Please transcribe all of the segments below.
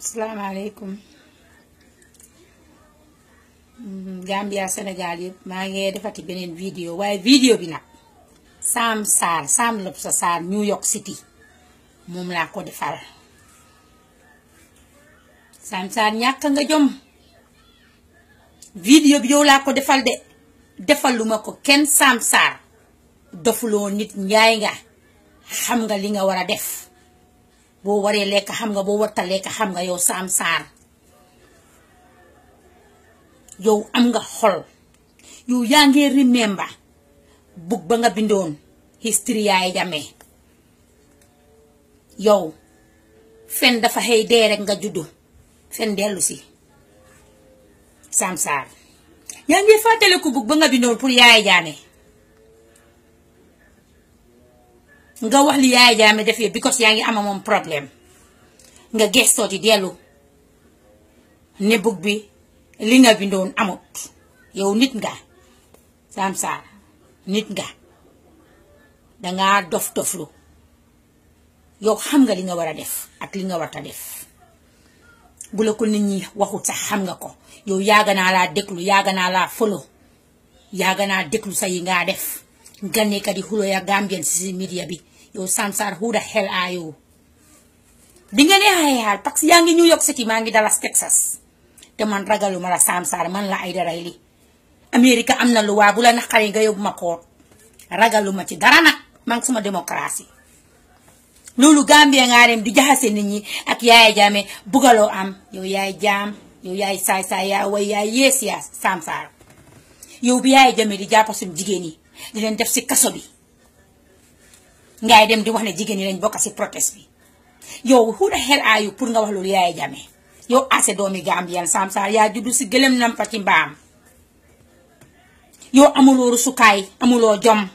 salaamaaleykum mm-hmm. Gambia Sénégal yëpp maa ngi defati beneen vidéo waaye vidéo bi nag Sam Sarr Sam Lobsa Sarr New York City moom laa ko defal Sam Sarr ñàkk nga jom vidéo bi yow laa ko defal de defaluma ko kenn Sam Sarr dofuloo nit njaay nga xam nga li nga war a def boo waree lekk xam nga boo warta lekk xam nga yow saam yow am nga xol yow yaa ngi remember bug ba nga bindoon history yaay jamee yow fen dafa xëy dee rek nga juddu fen dellu si saam saar yaa ngi fàttaliku bug ba nga bindoon pour yaay jaane nga wax li yaay jaame def yëpp because yaa ngi ama moom problème nga gestooti dellu ne bug bi li nga bindoon amut yow nit nga Sam Sarr nit nga dangaa dof doflu yow xam nga li nga war a def ak li nga war a def bu la ko nit ñi waxut sax xam nga ko yow yaaga naa laa déglu yaaga naa laa folo yaaga naa déglu sax yi ngaa def nga nekk di xuloo ya Gambien si media bi yow Sansar who the hell are you di nga neex yaa ngi New York City maa ngi Dallas Texas te man ragaluma la Sansar man la ay daray li Amérique am na lu waa bu la naqaree nga yóbbu ma koor ragaluma ci dara nag maa ngi suma démocratie loolu Gambie ngaa dem di jaxase nit ñi ak yaay jaame bugaloo am yow yaay jaam yow yaay saay saay yaa way yaay yees yaa Sansar yow bi yaay jaame di jàpp suñu jigéen yi di leen def si kaso bi. ngay dem di wax ne jigéen ñi lañ bokk si protest bi yow who the hell pour nga wax loolu yaay jamee yow ase doomi Gambian Sam yaa juddu si gëlëm nampa ci mbaam yow amuloo rusukaay amuloo jom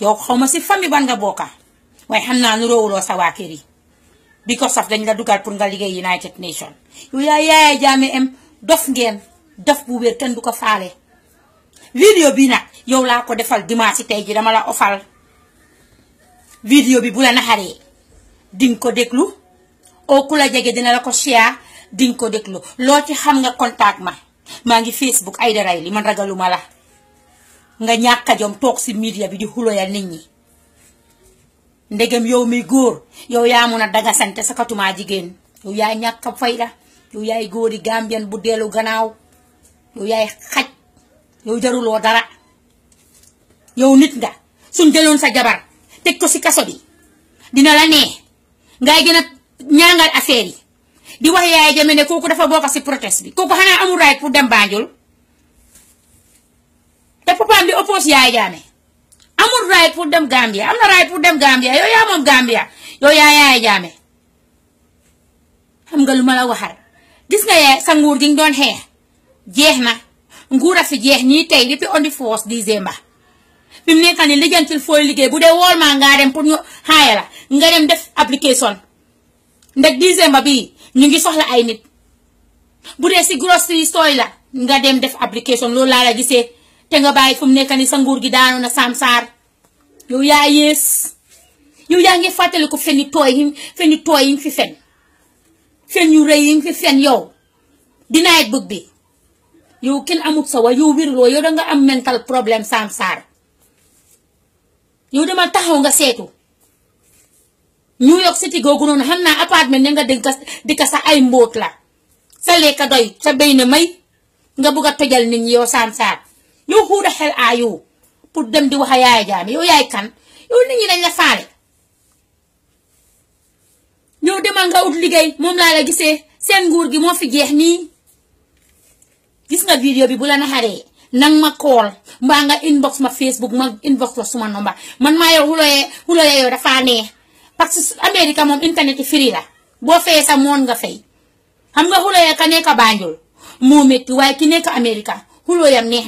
yow xaw ma si famille ban nga bokka waaye xam naa nu roowuloo sa waa kër yi because dañ la dugal pour nga liggéey United Nation yow yaa yaaya jaame em dof ngeen dof bu wér kenn du ko faale vidéo bi nag yow laa ko defal dimanche tey ji dama la ofal vidéo bi bu la naxaree di nga ko déglu oo ku la jege dina la ko share di nga ko déglu loo ci xam nga contact ma maa ngi Facebook Aïda li man ragaluma la nga ñàkk jom toog si media bi di xuloyal nit ñi ndegem yow mi góor yow yaa mun a daga sante sa katumaa jigéen yow yaay ñàkk a fayda yow yaay góori Gambien bu dellu gannaaw yow yaay xaj yow jaruloo dara yow nit nga suñ jëloon sa jabar teg ko si kaso bi dina la nee ngay gën a ñaangal affaire yi di wax yaay jame ne kooku dafa bokk si protest bi kooku xanaa amul right pour dem Banjul te bi oppose pour dem Gambia pour dem Gambia yow moom Gambia yow yaa jaame xam nga lu ma la waxal gis nga yaay sa nguur gi ñu doon xeex jeex na nguur a fi jeex ñii tey depuis on the fourth décembre fi nekka nekk nii lijjantil fooy liggéey bu dee wool maa ngaa dem pour ñu xaaya la nga dem def application ndax décembre bi ñu ngi soxla ay nit bu dee si grocery store la nga dem def application loolu laa la gisee te nga bàyyi fi mu nekk nii sa nguur gi daanu na Sam Sarr yow yaa yées yow yaa ngi fàttaliku fenn tooy yi fenn tooy fi fen fen yu rëy yi fi fen yow denied book bi yow kenn amut sa wa yow wiruloo yow da nga am mental problème Sam Sarr yow demal taxaw nga seetu New York siti googu noonu xam naa appartement ne nga dëkka ka sa ay mbóot la sa lekka doy sa béy na may nga bugg a tojal nit ñi yow saan saan yow xuuda xel aayu pour dem di wax a yaay jaame yow yaay kan yow nit ñi dañ la faale yow demal nga ut liggéey moom laa la gisee seen nguur gi moo fi jeex nii gis nga vidéo bi bu la naxaree nan ma call mbaa nga inbox ma Facebook ma inbox la suma nomba man maa yow wuloyee wuloyee yow dafaa neex parce que Amérique moom internet yi free la boo fayee sax moon nga fay xam nga wuloyee ka nekk Banjul moo métti waaye ki nekk Amérique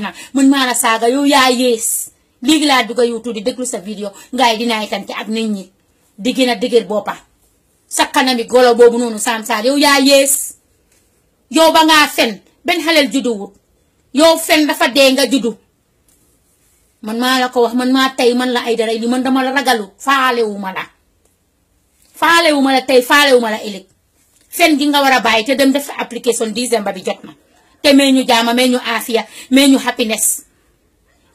na man maa la saaga yow yaa yées léegi laa dugg YouTube di déglu sa vidéo ngay dinaay tante ak nit ñi di gën a dëgër boppa sa kanami golo boobu noonu Sam Sarr yow yaa yées yow ba ngaa fen benn xaleel judduwut yow fen dafa dee nga juddu man maa la ko wax man maa tey man la ay dara li man dama la ragalu faalewu ma la faalewu ma la tey faalewu ma la ëllëg fen gi nga war a bàyyi te dem def application décembre bi jot na te mee ñu jaama mee ñu aafiya mee ñu happiness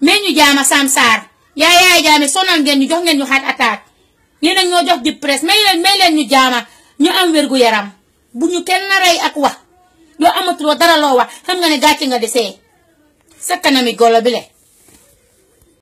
mee ñu jaama samsaar yaay yaay jaame sonal ngeen ñu jox ngeen ñu xaat attaque yéen nag ñoo jox di presse may leen may ñu jaama ñu am wérgu yaram bu ñu kenn rey ak wax yoo amatuloo dara loo wax xam nga ne gàcce nga desee sa kanami golo bi